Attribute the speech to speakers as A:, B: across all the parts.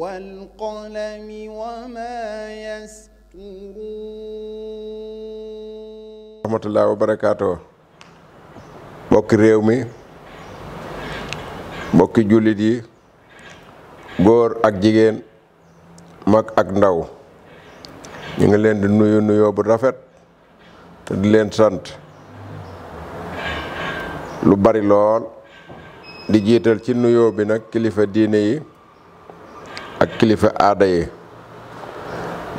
A: والقلم وما يسطرون rahmatullahi wa réew mi mbokki jullit yi góor ak jigéen mag ak ndaw ñu ngi leen di nuyu nuyoo bu rafet te di leen sant lu bari lool di jiital ci nuyoo bi nag kilifa diine yi ak kilifa aada yi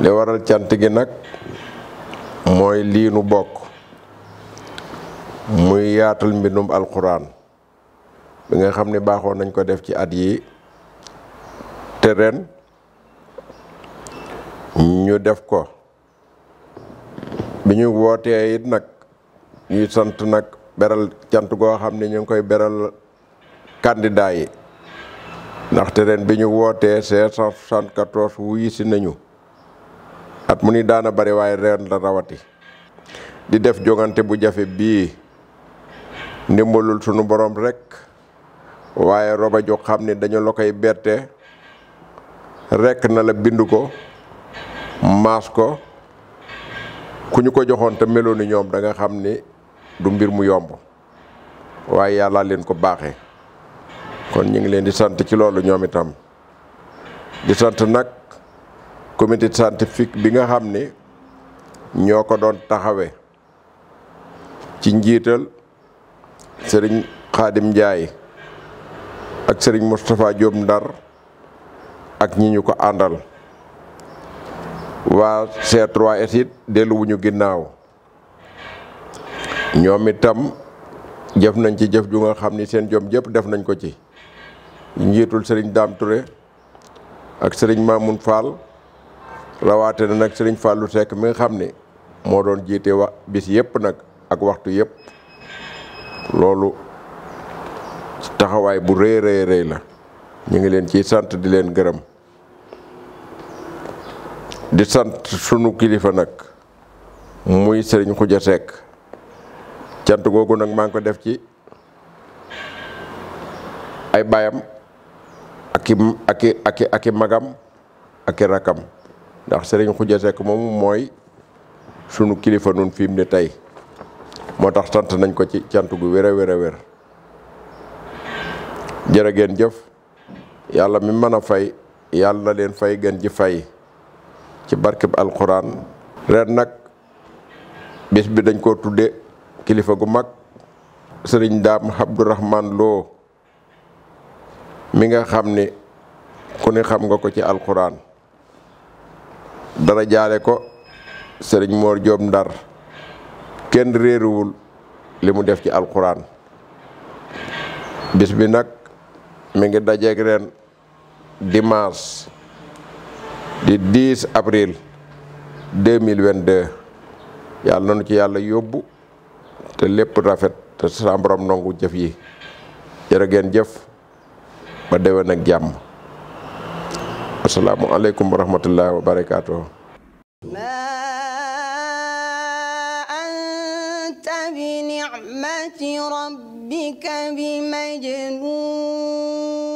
A: li waral cant gi nag mooy liinu bokk muy yaatal mbindum alxuraan bi nga xam ni baaxoon nañ ko def ci at yi te ren ñu def ko bi ñuy wootee it nag ñuy sant nag beral cant goo xam ne ñu ngi koy beral candidat yi ndaxte ren bi ñu wootee 574 wuyu si nañu at mu ni daana bari waaye ren la rawati di def jongante bu jafe bii ndimbalul sunu borom rekk waaye roba ju xam ni dañu la koy berte rekk na la bind ko maas ko ku ñu ko joxoon te melooni ñoom danga xam ni du mbir mu yomb waaye yàlla leen ko baaxe kon ñu ngi leen di sant ci loolu ñoom itam di sant nag comité scientifique bi nga xam ni ñoo ko doon taxawe ci njiital sëriñ Xaadim Njaay ak sëriñ Moustapha Diop Ndar ak ñi ñu ko àndal waa C3S it delluwuñu ginnaaw ñoom itam jëf nañ ci jëf ju nga xam ni seen jom jëpp def nañ ko ci njiitul sëriñ daamture ak sëriñ Mamoun Fall rawaate na nag sëriñ Fallou Seck mi nga xam ni moo doon jiite wa bis yépp nag ak waxtu yépp loolu taxawaay bu rëy rëy rëy la ñu ngi leen ciy sant di leen gërëm di sant sunu kilifa nag muy sëriñ Xuja Seck cant googu nag maa ngi ko def ci ay baayam ak i ak magam ak i rakam ndax sëriñ Khoudia moom mooy sunu kilifa noonu fiim mu ne tey moo tax sant nañ ko ci cant gu wér a wér a wér jëf yàlla mi mën a fay yàlla na leen fay gën ji fay ci barkeb alquran ren nag bis bi dañ koo tudde kilifa gu mag sëriñ daam Abdourahman Lo mi nga xam ni ku ne xam nga ko ci alxuraan dara jaare ko sëriñ Mor Joob Ndar kenn réeruwul li mu def ci alxuraan bis bi nag mi ngi dajeeg ren dimanche di 10 avril 2022 yàlla nanu ci yàlla yóbbu te lépp rafet te sa borom nangu jëf yi jërë ngeen jëf ba déwén ak jàmm asalaamu aleykum wa rahmatullahi wa barakaatuh بنعمة ربك بمجنون